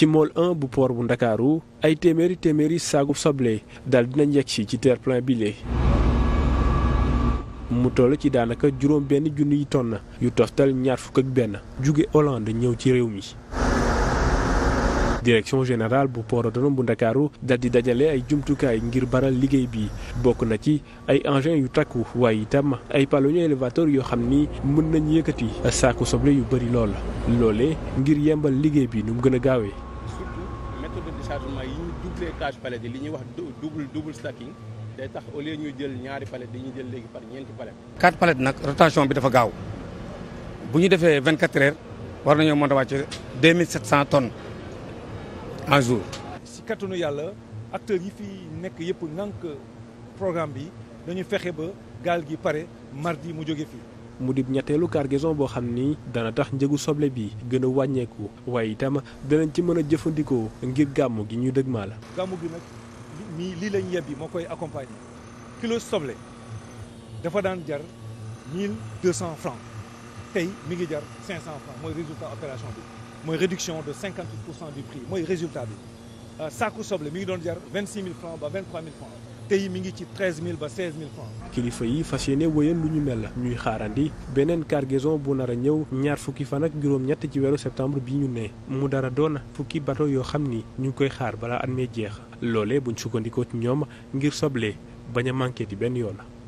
ci mool un bu port bu ndakaaru ay téeméeri téeméeri saagu soble dal dinañ yegg si ci terre-plein bi mu toll ci daanaka juróom benn junniy tonn yu toftal ñaar fukk ak benn jóge Hollande ñëw ci réew mi direction général bu port autonome bu ndakaaru dal di dajale ay jumtukaay ngir baral liggéey bi bokk na ci ay engins yu takku waaye itam ay paleño élévateur yoo xam ni mën nañ yëkkati saaku soble yu bari lool loole ngir yembal liggéey bi nu mu gën a gaawee chargement yi ñu doublé cage li ñuy wax double double stacking day tax au lieu ñuy jël ñaari palette dañuy jël léegi par ñeenti palette. quatre palette nag rotation bi dafa gaaw bu ñu defee vingt quatre heures war nañoo mën a wàcc deux mille sept cent tonnes en jour. si kattanu yàlla acteurs yi fi nekk yëpp nank programme bi dañu fexe ba gaal gi pare mardi mu jóge fii. mu di ñetteelu cargaison boo xam ni dana tax njëgu soble bi gën a wàññeeku waaye itam danañ ci mën a jëfandikoo ngir gàmmu gi ñu la gàmmu gi nag mii lii lañ yebbi moo koy accompagner kilo soble dafa daan jar mille deux cent francs tey mi ngi jar cinq cent francs mooy résultat opération bi mooy réduction de cinquante pour cent prix mooy résultat bi. Euh, saaku soble mi ngi doon jar vingt six mille ba vingt tey mi ngi ci treize mille ba seize kilifa yi fas yéene wëyal lu ñu mel la ñuy xaarandi beneen cargaison bu nar a ñëw ñaar fukki fan ak juróom-ñett ci weeru septembre bi ñu nee mu dara doona fukki bato yoo xam ni ñu ngi koy xaar balaa at mee jeex loole buñ sukkandikoo ci ñoom ngir soble bañ a manqué di benn yoon.